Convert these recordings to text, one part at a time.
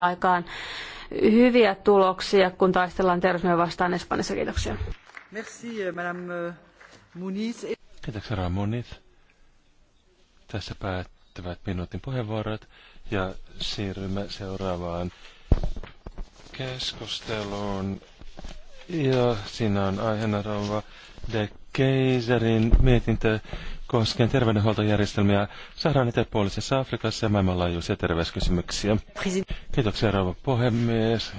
aikaan hyviä tuloksia, kun taistellaan terrorismia vastaan Espanjassa. Kiitoksia. Merci, euh, Madame euh, Muniz. Kiitoksia, Rauha Tässä päättävät minuutin puheenvuorot ja siirrymme seuraavaan keskusteluun. Ja siinä on aiheena rouva De Keiserin mietintö koskien terveydenhuoltojärjestelmiä saadaan eteläpuolisessa Afrikassa ja maailmanlaajuisia terveyskysymyksiä. Kiitoksia rouva puhemies.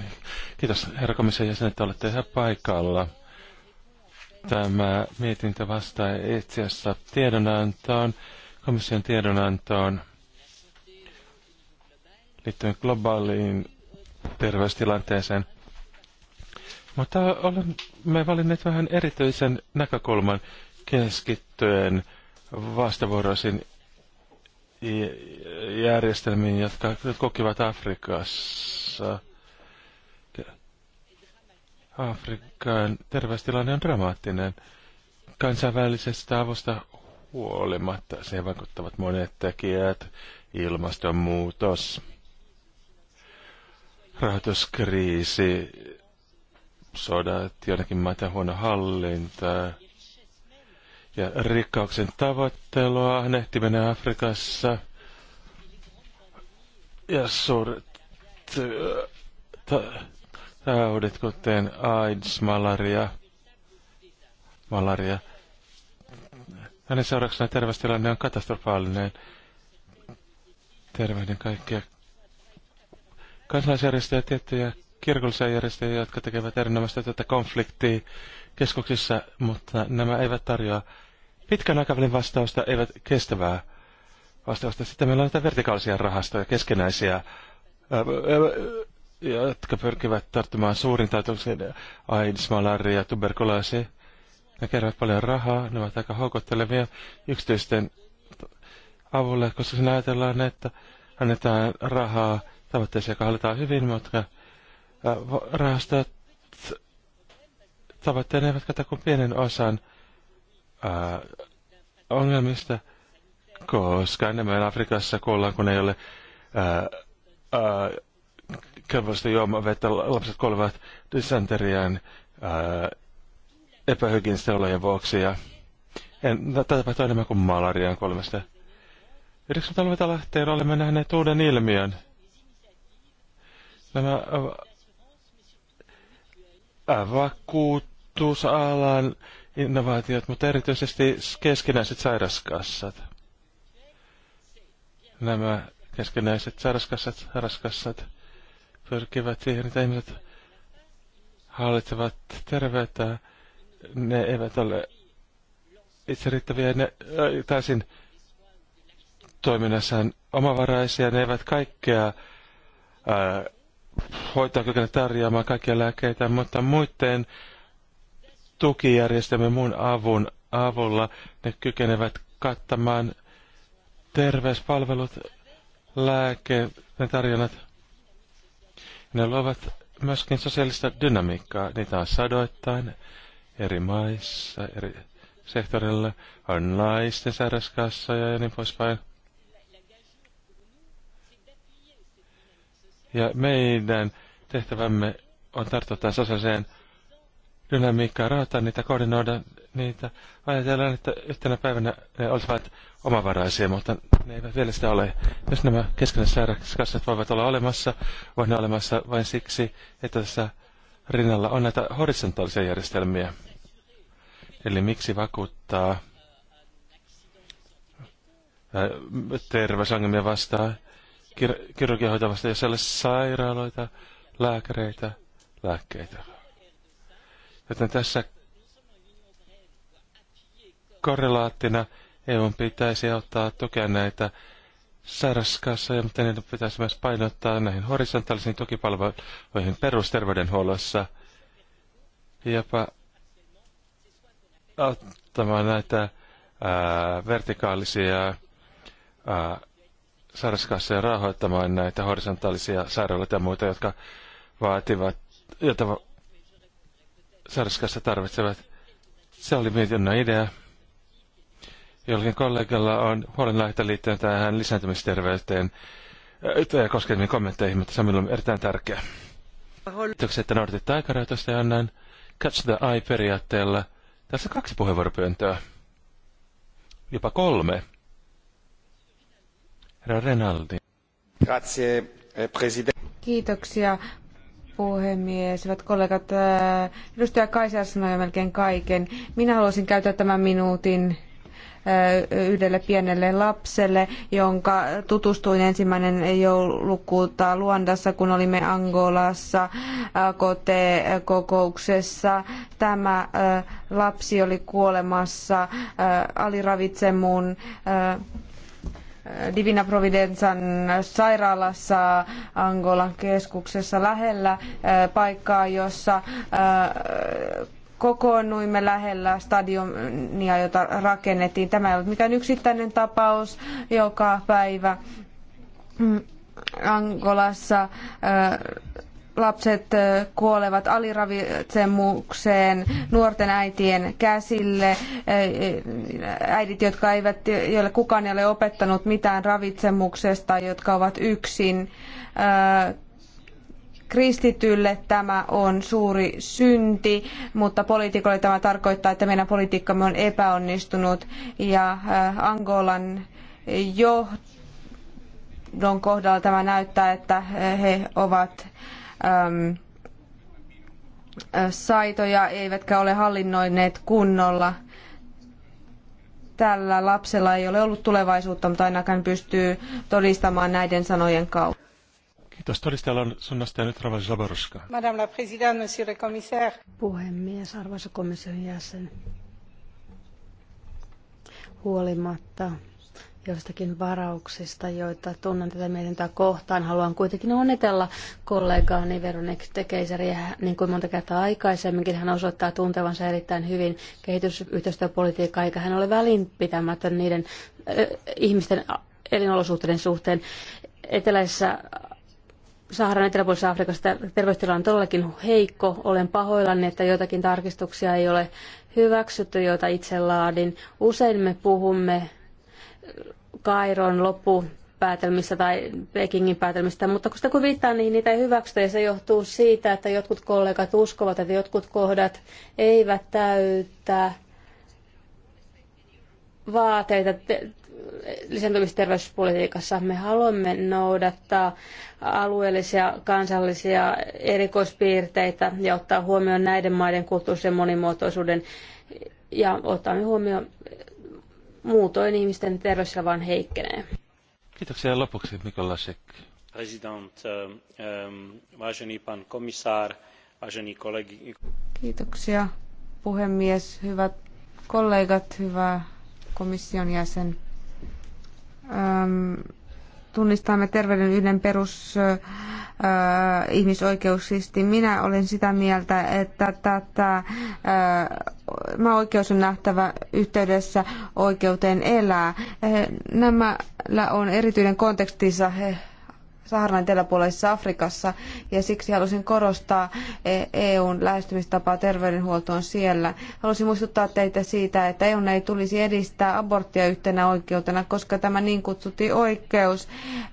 Kiitos herra komission jäsen, että olette ihan paikalla. Tämä mietintö vastaa itse asiassa tiedonantoon, komission tiedonantoon liittyen globaaliin terveystilanteeseen. Mutta olemme valinneet vähän erityisen näkökulman keskittyen vastavuoroisiin järjestelmiin, jotka kokivat Afrikassa. Afrikan terveystilanne on dramaattinen. Kansainvälisestä avusta huolimatta se vaikuttavat monet tekijät, ilmastonmuutos, rahoituskriisi, sodat, jonnekin maita huono hallinta, ja rikkauksen tavoittelua, ahnehtiminen Afrikassa ja suuret äh, taudit, kuten AIDS, malaria, malaria. Hänen seurauksena terveystilanne on katastrofaalinen. terveyden kaikkia kansalaisjärjestöjä, tiettyjä kirkollisia järjestöjä, jotka tekevät erinomaista tätä konfliktia keskuksissa, mutta nämä eivät tarjoa pitkän aikavälin vastausta, eivät kestävää vastausta. Sitten meillä on näitä vertikaalisia rahastoja, keskenäisiä, jotka pyrkivät tarttumaan suurin taitoksiin, AIDS, malaria, tuberkuloosi. Ne keräävät paljon rahaa, ne ovat aika houkuttelevia yksityisten avulle, koska siinä ajatellaan, että annetaan rahaa tavoitteeseen, joka halutaan hyvin, mutta rahastot tavoitteena eivät kata kuin pienen osan ää, ongelmista, koska enemmän Afrikassa kuullaan, kun ei ole kelvollista juomavettä. Lapset kuolevat dysenterian epähygienisten olojen vuoksi. Ja en, no, tätä enemmän kuin malariaan kolmesta. 90-luvulta lähtien olemme nähneet uuden ilmiön. Nämä vakuut vakuutusalan innovaatiot, mutta erityisesti keskinäiset sairaskassat. Nämä keskinäiset sairaskassat, sairaskassat pyrkivät siihen, että ihmiset hallitsevat terveyttä. Ne eivät ole itse riittäviä, ne täysin toiminnassaan omavaraisia, ne eivät kaikkea hoitaa kykene tarjoamaan kaikkia lääkkeitä, mutta muiden tukijärjestelmän muun avun avulla ne kykenevät kattamaan terveyspalvelut, lääke, ne tarjonnat. Ne luovat myöskin sosiaalista dynamiikkaa. Niitä on sadoittain eri maissa, eri sektorilla. On naisten sairauskassoja ja niin poispäin. Ja meidän tehtävämme on tarttua sosiaaliseen dynamiikkaa rahoittaa niitä, koordinoida niitä. Ajatellaan, että yhtenä päivänä ne olisivat omavaraisia, mutta ne eivät vielä sitä ole. Jos nämä keskenään sairauskassat voivat olla olemassa, voi ne olemassa vain siksi, että tässä rinnalla on näitä horisontaalisia järjestelmiä. Eli miksi vakuuttaa terveysongelmia vastaan, kir- ja sellaisia jos ei ole sairaaloita, lääkäreitä, lääkkeitä. Joten tässä korrelaattina EUn pitäisi ottaa tukea näitä sairauskassoja, mutta niiden pitäisi myös painottaa näihin horisontaalisiin tukipalveluihin perusterveydenhuollossa. Jopa auttamaan näitä ää, vertikaalisia ää, sairauskassoja rahoittamaan näitä horisontaalisia sairaaloita ja muita, jotka vaativat, joita sarskassa tarvitsevat. Se oli mietinnön idea. Jollakin kollegalla on huolenaiheita liittyen tähän lisääntymisterveyteen ja äh, koskeviin kommentteihin, mutta se on minulle erittäin tärkeä. Kiitoksia, että noudatitte aikarajoitusta ja annan catch the eye periaatteella. Tässä kaksi puheenvuoropyöntöä. Jopa kolme. Herra Renaldi. Grazie, eh, Kiitoksia puhemies, hyvät kollegat. Äh, edustaja Kaisa sanoi melkein kaiken. Minä haluaisin käyttää tämän minuutin äh, yhdelle pienelle lapselle, jonka tutustuin ensimmäinen joulukuuta Luandassa, kun olimme Angolassa kote-kokouksessa. Tämä äh, lapsi oli kuolemassa aliravitsemuun Divina Providensan sairaalassa Angolan keskuksessa lähellä äh, paikkaa, jossa äh, kokoonnuimme lähellä stadionia, jota rakennettiin. Tämä ei ollut mikään yksittäinen tapaus joka päivä. Mm, Angolassa äh, lapset kuolevat aliravitsemukseen, nuorten äitien käsille, äidit, jotka eivät, joille kukaan ei ole opettanut mitään ravitsemuksesta, jotka ovat yksin. Kristitylle tämä on suuri synti, mutta poliitikolle tämä tarkoittaa, että meidän politiikkamme on epäonnistunut ja Angolan johdon Don kohdalla tämä näyttää, että he ovat Ähm, äh, saitoja eivätkä ole hallinnoineet kunnolla. Tällä lapsella ei ole ollut tulevaisuutta, mutta ainakaan pystyy todistamaan näiden sanojen kautta. Kiitos. Todistajalla on sunnasta nyt Rava Zaborska. Madame la Présidente, Monsieur le Commissaire. Puhemies, arvoisa komission jäsen. Huolimatta joistakin varauksista, joita tunnen tätä mietintää kohtaan. Haluan kuitenkin onnitella kollegaani Veronik Tekeiseriä, niin kuin monta kertaa aikaisemminkin. Hän osoittaa tuntevansa erittäin hyvin kehitysyhteistyöpolitiikkaa, eikä hän ole välinpitämätön niiden äh, ihmisten elinolosuhteiden suhteen. Eteläisessä Saharan eteläpuolisessa Afrikassa terveystila on todellakin heikko. Olen pahoillani, että joitakin tarkistuksia ei ole hyväksytty, joita itse laadin. Usein me puhumme Kairon loppu päätelmissä tai Pekingin päätelmistä, mutta kun sitä kun viittaa, niin niitä ei hyväksytä ja se johtuu siitä, että jotkut kollegat uskovat, että jotkut kohdat eivät täytä vaateita lisääntymisterveyspolitiikassa. Me haluamme noudattaa alueellisia, kansallisia erikoispiirteitä ja ottaa huomioon näiden maiden kulttuurisen monimuotoisuuden ja otamme huomioon Muutoin ihmisten terveysillä vain heikkenee. Kiitoksia lopuksi Mikolasek. President, um, eh, eh, pan komisár, kollegi. Kiitoksia puhemies, hyvät kollegat, hyvä komission jäsen. Um, tunnistamme terveyden yhden perusihmisoikeuksista. Minä olen sitä mieltä, että tätä mä oikeus on nähtävä yhteydessä oikeuteen elää. Nämä on erityinen kontekstinsa. Saharan eteläpuolisessa Afrikassa ja siksi halusin korostaa e- EUn lähestymistapaa terveydenhuoltoon siellä. Halusin muistuttaa teitä siitä, että EUn ei tulisi edistää aborttia yhtenä oikeutena, koska tämä niin kutsutti oikeus eh,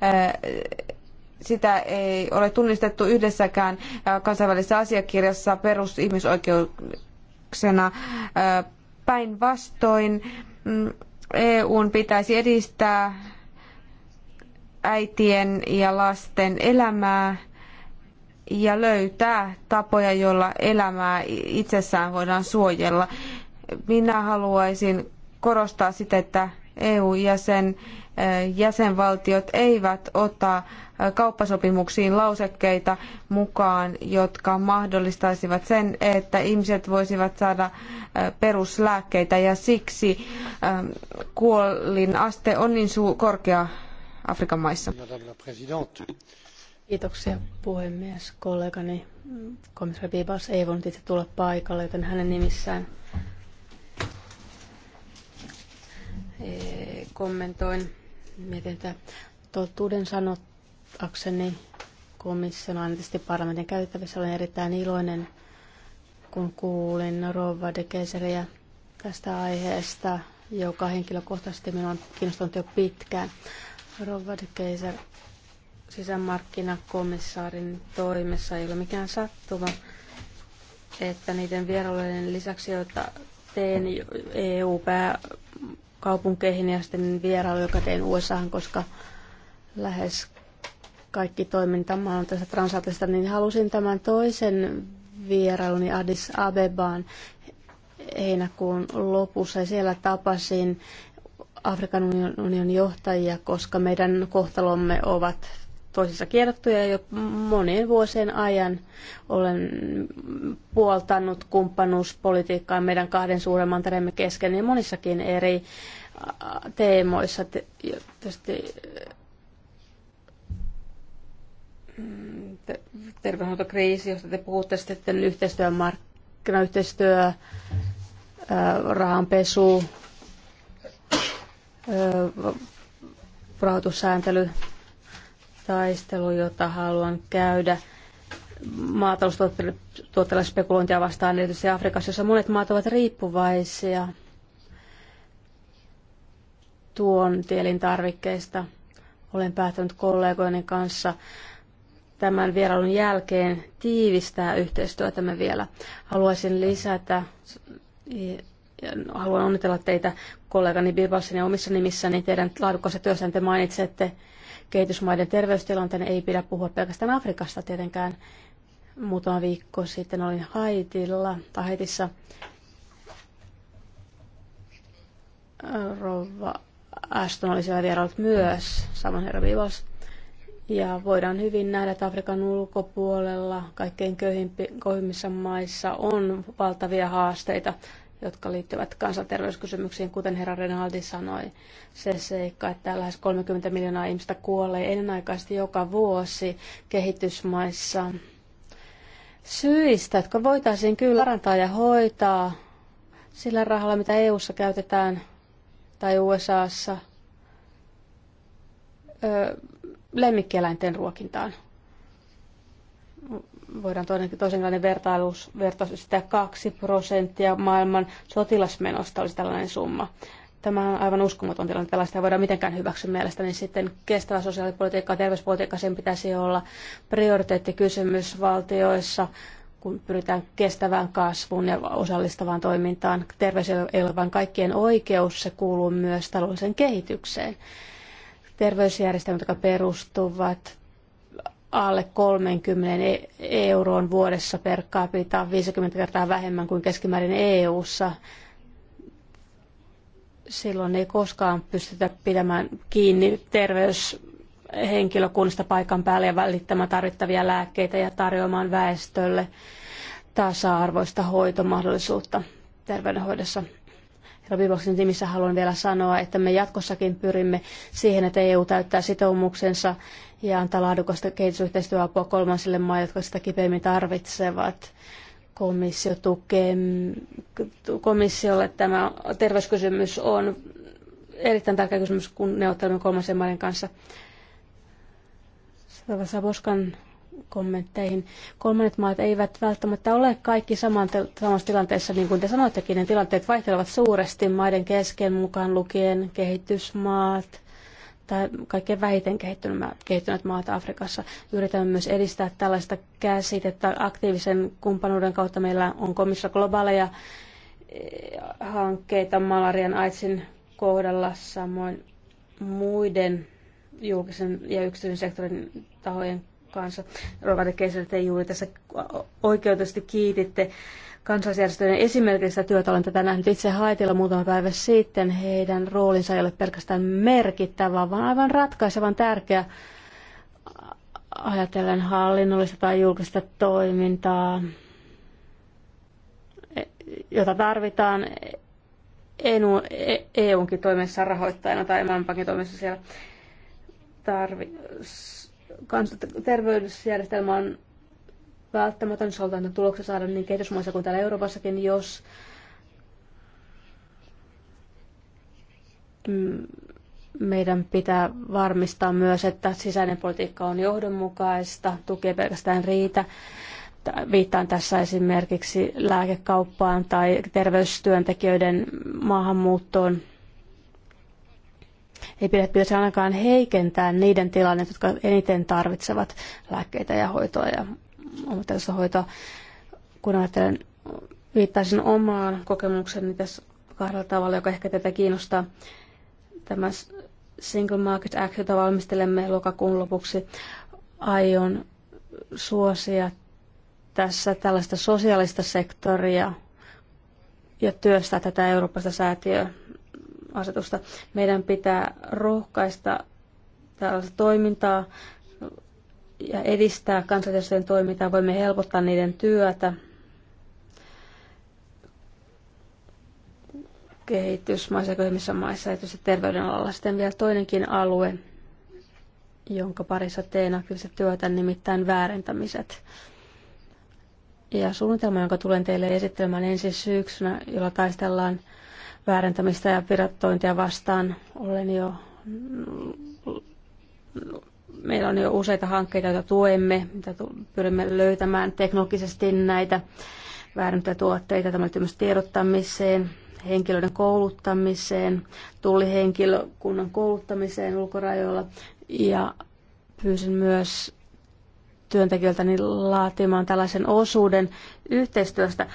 sitä ei ole tunnistettu yhdessäkään eh, kansainvälisessä asiakirjassa perusihmisoikeuksena. Eh, päinvastoin mm, EUn pitäisi edistää äitien ja lasten elämää ja löytää tapoja, joilla elämää itsessään voidaan suojella. Minä haluaisin korostaa sitä, että EU-jäsen jäsenvaltiot eivät ota kauppasopimuksiin lausekkeita mukaan, jotka mahdollistaisivat sen, että ihmiset voisivat saada peruslääkkeitä ja siksi kuolin aste on niin korkea Afrikan maissa. Kiitoksia puhemies. Kollegani komissaari Bibas ei voinut itse tulla paikalle, joten hänen nimissään e, kommentoin mietintä totuuden sanotakseni komission on tietysti parlamentin käytettävissä. Olen erittäin iloinen, kun kuulin Rova de Keseriä tästä aiheesta, joka henkilökohtaisesti minua on kiinnostanut jo pitkään. Robert Keiser sisämarkkinakomissaarin toimessa ei ole mikään sattuma, että niiden vierailujen lisäksi, joita teen EU-pääkaupunkeihin ja sitten vierailu, joka tein USA, koska lähes kaikki toimintamme on tässä transatista, niin halusin tämän toisen vierailuni Addis Abebaan heinäkuun lopussa ja siellä tapasin Afrikan unionin johtajia, koska meidän kohtalomme ovat toisissa kierrottuja jo monien vuosien ajan. Olen puoltanut kumppanuuspolitiikkaa meidän kahden suuren mantereemme kesken ja monissakin eri teemoissa. Tietysti mm, terveydenhuoltokriisi, josta te puhutte sitten yhteistyö, markkinayhteistyö, rahanpesu, taistelu, jota haluan käydä maataloustuotteilla spekulointia vastaan, erityisesti Afrikassa, jossa monet maat ovat riippuvaisia tuontielintarvikkeista. Olen päättänyt kollegoiden kanssa tämän vierailun jälkeen tiivistää yhteistyötämme vielä. Haluaisin lisätä No, haluan onnitella teitä kollegani Bilbalsin ja omissa nimissäni teidän laadukkaasta työstänne te mainitsette kehitysmaiden terveystilanteen. Ei pidä puhua pelkästään Afrikasta tietenkään. Muutama viikko sitten olin Haitilla, tai Haitissa Rova Aston oli siellä vierailut myös, saman herra Vivas. Ja voidaan hyvin nähdä, että Afrikan ulkopuolella kaikkein köyhimmissä maissa on valtavia haasteita jotka liittyvät kansanterveyskysymyksiin, kuten herra Renaldi sanoi. Se seikka, että lähes 30 miljoonaa ihmistä kuolee ennenaikaisesti joka vuosi kehitysmaissa syistä, jotka voitaisiin kyllä parantaa ja hoitaa sillä rahalla, mitä EU:ssa käytetään tai USAssa ö, lemmikkieläinten ruokintaan voidaan toisenlainen vertailus, vertaus, sitä 2 prosenttia maailman sotilasmenosta olisi tällainen summa. Tämä on aivan uskomaton tilanne, tällaista ei voida mitenkään hyväksyä mielestäni. Niin sitten kestävä sosiaalipolitiikka ja terveyspolitiikka, sen pitäisi olla prioriteettikysymys valtioissa, kun pyritään kestävään kasvuun ja osallistavaan toimintaan. Terveys ei ole vain kaikkien oikeus, se kuuluu myös taloudelliseen kehitykseen. Terveysjärjestelmät, jotka perustuvat alle 30 e- euroon vuodessa per capita, 50 kertaa vähemmän kuin keskimäärin EU-ssa. Silloin ei koskaan pystytä pitämään kiinni terveyshenkilökunnasta paikan päälle ja välittämään tarvittavia lääkkeitä ja tarjoamaan väestölle tasa-arvoista hoitomahdollisuutta terveydenhoidossa. Herra nimissä haluan vielä sanoa, että me jatkossakin pyrimme siihen, että EU täyttää sitoumuksensa ja antaa laadukasta kehitysyhteistyöapua kolmansille maille, jotka sitä kipeimmin tarvitsevat. Komissio tukee, komissiolle tämä terveyskysymys on erittäin tärkeä kysymys, kun neuvottelemme kolmansien maiden kanssa. Savoskan kommentteihin. Kolmannet maat eivät välttämättä ole kaikki saman samassa tilanteessa, niin kuin te sanoittekin, ne tilanteet vaihtelevat suuresti maiden kesken mukaan lukien kehitysmaat tai kaikkein vähiten kehittyneet maat Afrikassa. Yritämme myös edistää tällaista käsitettä aktiivisen kumppanuuden kautta. Meillä on komissa globaaleja eh, hankkeita malarian aitsin kohdalla, samoin muiden julkisen ja yksityisen sektorin tahojen mukaansa. Rovade Keiser, te juuri tässä oikeutusti kiititte kansalaisjärjestöjen esimerkistä työtä. Olen tätä nähnyt itse Haitilla muutama päivä sitten. Heidän roolinsa ei ole pelkästään merkittävä, vaan aivan ratkaisevan tärkeä ajatellen hallinnollista tai julkista toimintaa, jota tarvitaan EUnkin e-, e toimessa rahoittajana tai Maailmanpankin toimessa siellä tarvi, kansanterveysjärjestelmä on välttämätön, jos halutaan tuloksia saada niin kehitysmaissa kuin täällä Euroopassakin, jos mm, meidän pitää varmistaa myös, että sisäinen politiikka on johdonmukaista, tukee pelkästään riitä. Viittaan tässä esimerkiksi lääkekauppaan tai terveystyöntekijöiden maahanmuuttoon ei pidä, pitäisi ainakaan heikentää niiden tilannetta, jotka eniten tarvitsevat lääkkeitä ja hoitoa ja ammattilaista hoitoa. Kun ajattelen, viittaisin omaan kokemukseni tässä kahdella tavalla, joka ehkä tätä kiinnostaa. Tämä Single Market Act, jota valmistelemme lokakuun lopuksi, aion suosia tässä tällaista sosiaalista sektoria ja työstää tätä Euroopasta säätiöä asetusta. Meidän pitää rohkaista tällaista toimintaa ja edistää kansalaisten toimintaa. Voimme helpottaa niiden työtä kehitysmaissa ja köyhimmissä maissa, erityisesti terveydenalalla. Sitten vielä toinenkin alue, jonka parissa teen aktiivista työtä, nimittäin väärentämiset. Ja suunnitelma, jonka tulen teille esittelemään ensi syksynä, jolla taistellaan väärentämistä ja pirattointia vastaan. Olen jo, meillä on jo useita hankkeita, joita tuemme, mitä pyrimme löytämään teknologisesti näitä väärentyjä tuotteita, myös tiedottamiseen, henkilöiden kouluttamiseen, tullihenkilökunnan kouluttamiseen ulkorajoilla ja pyysin myös työntekijöiltäni niin laatimaan tällaisen osuuden yhteistyöstä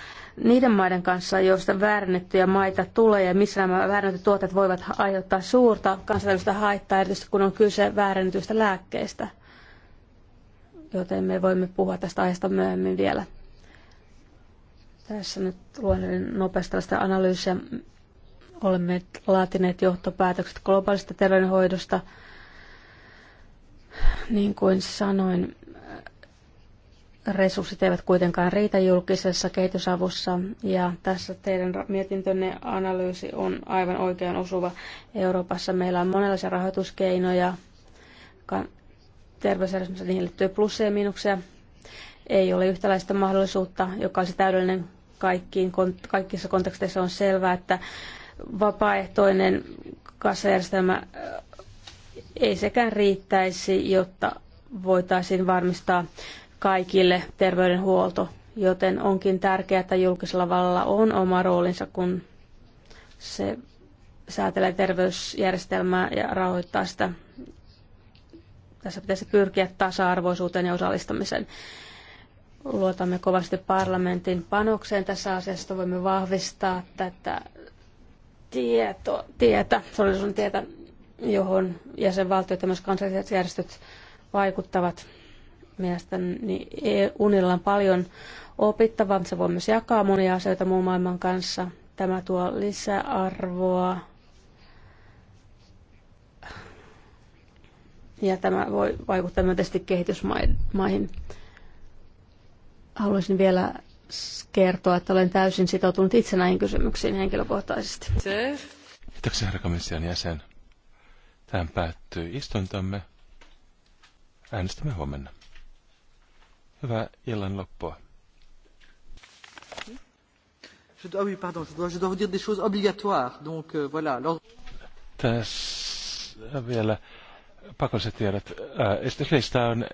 niiden maiden kanssa, joista väärennettyjä maita tulee ja missä nämä väärennetyt tuotteet voivat aiheuttaa suurta kansainvälistä haittaa, erityisesti kun on kyse väärennetyistä lääkkeistä. Joten me voimme puhua tästä aiheesta myöhemmin vielä. Tässä nyt luen nopeasti tällaista analyysiä. Olemme laatineet johtopäätökset globaalista terveydenhoidosta. Niin kuin sanoin, resurssit eivät kuitenkaan riitä julkisessa kehitysavussa ja tässä teidän mietintönne analyysi on aivan oikean osuva. Euroopassa meillä on monenlaisia rahoituskeinoja, terveysjärjestelmässä niihin liittyy plussia ja miinuksia. Ei ole yhtäläistä mahdollisuutta, joka olisi täydellinen kaikkiin, kaikissa konteksteissa on selvää, että vapaaehtoinen kassajärjestelmä äh, ei sekään riittäisi, jotta voitaisiin varmistaa kaikille terveydenhuolto, joten onkin tärkeää, että julkisella vallalla on oma roolinsa, kun se säätelee terveysjärjestelmää ja rahoittaa sitä. Tässä pitäisi pyrkiä tasa-arvoisuuteen ja osallistamiseen. Luotamme kovasti parlamentin panokseen tässä asiassa, voimme vahvistaa tätä tieto, tietä, solidarisuuden tietä, johon jäsenvaltiot ja myös kansalliset järjestöt vaikuttavat Mielestäni niin e unilla on paljon opittavaa, mutta se voi myös jakaa monia asioita muun maailman kanssa. Tämä tuo lisäarvoa. Ja tämä voi vaikuttaa myönteisesti kehitysmaihin. Haluaisin vielä kertoa, että olen täysin sitoutunut itse näihin kysymyksiin henkilökohtaisesti. Kiitoksia, herra komission jäsen. Tähän päättyy istuntamme. Äänestämme huomenna. Hyvää illan loppua. Je dois, oui, pardon, je dois, je dois vous dire des choses obligatoires. Donc euh, voilà. Alors... Tässä vielä pakolliset tiedot. Esityslista on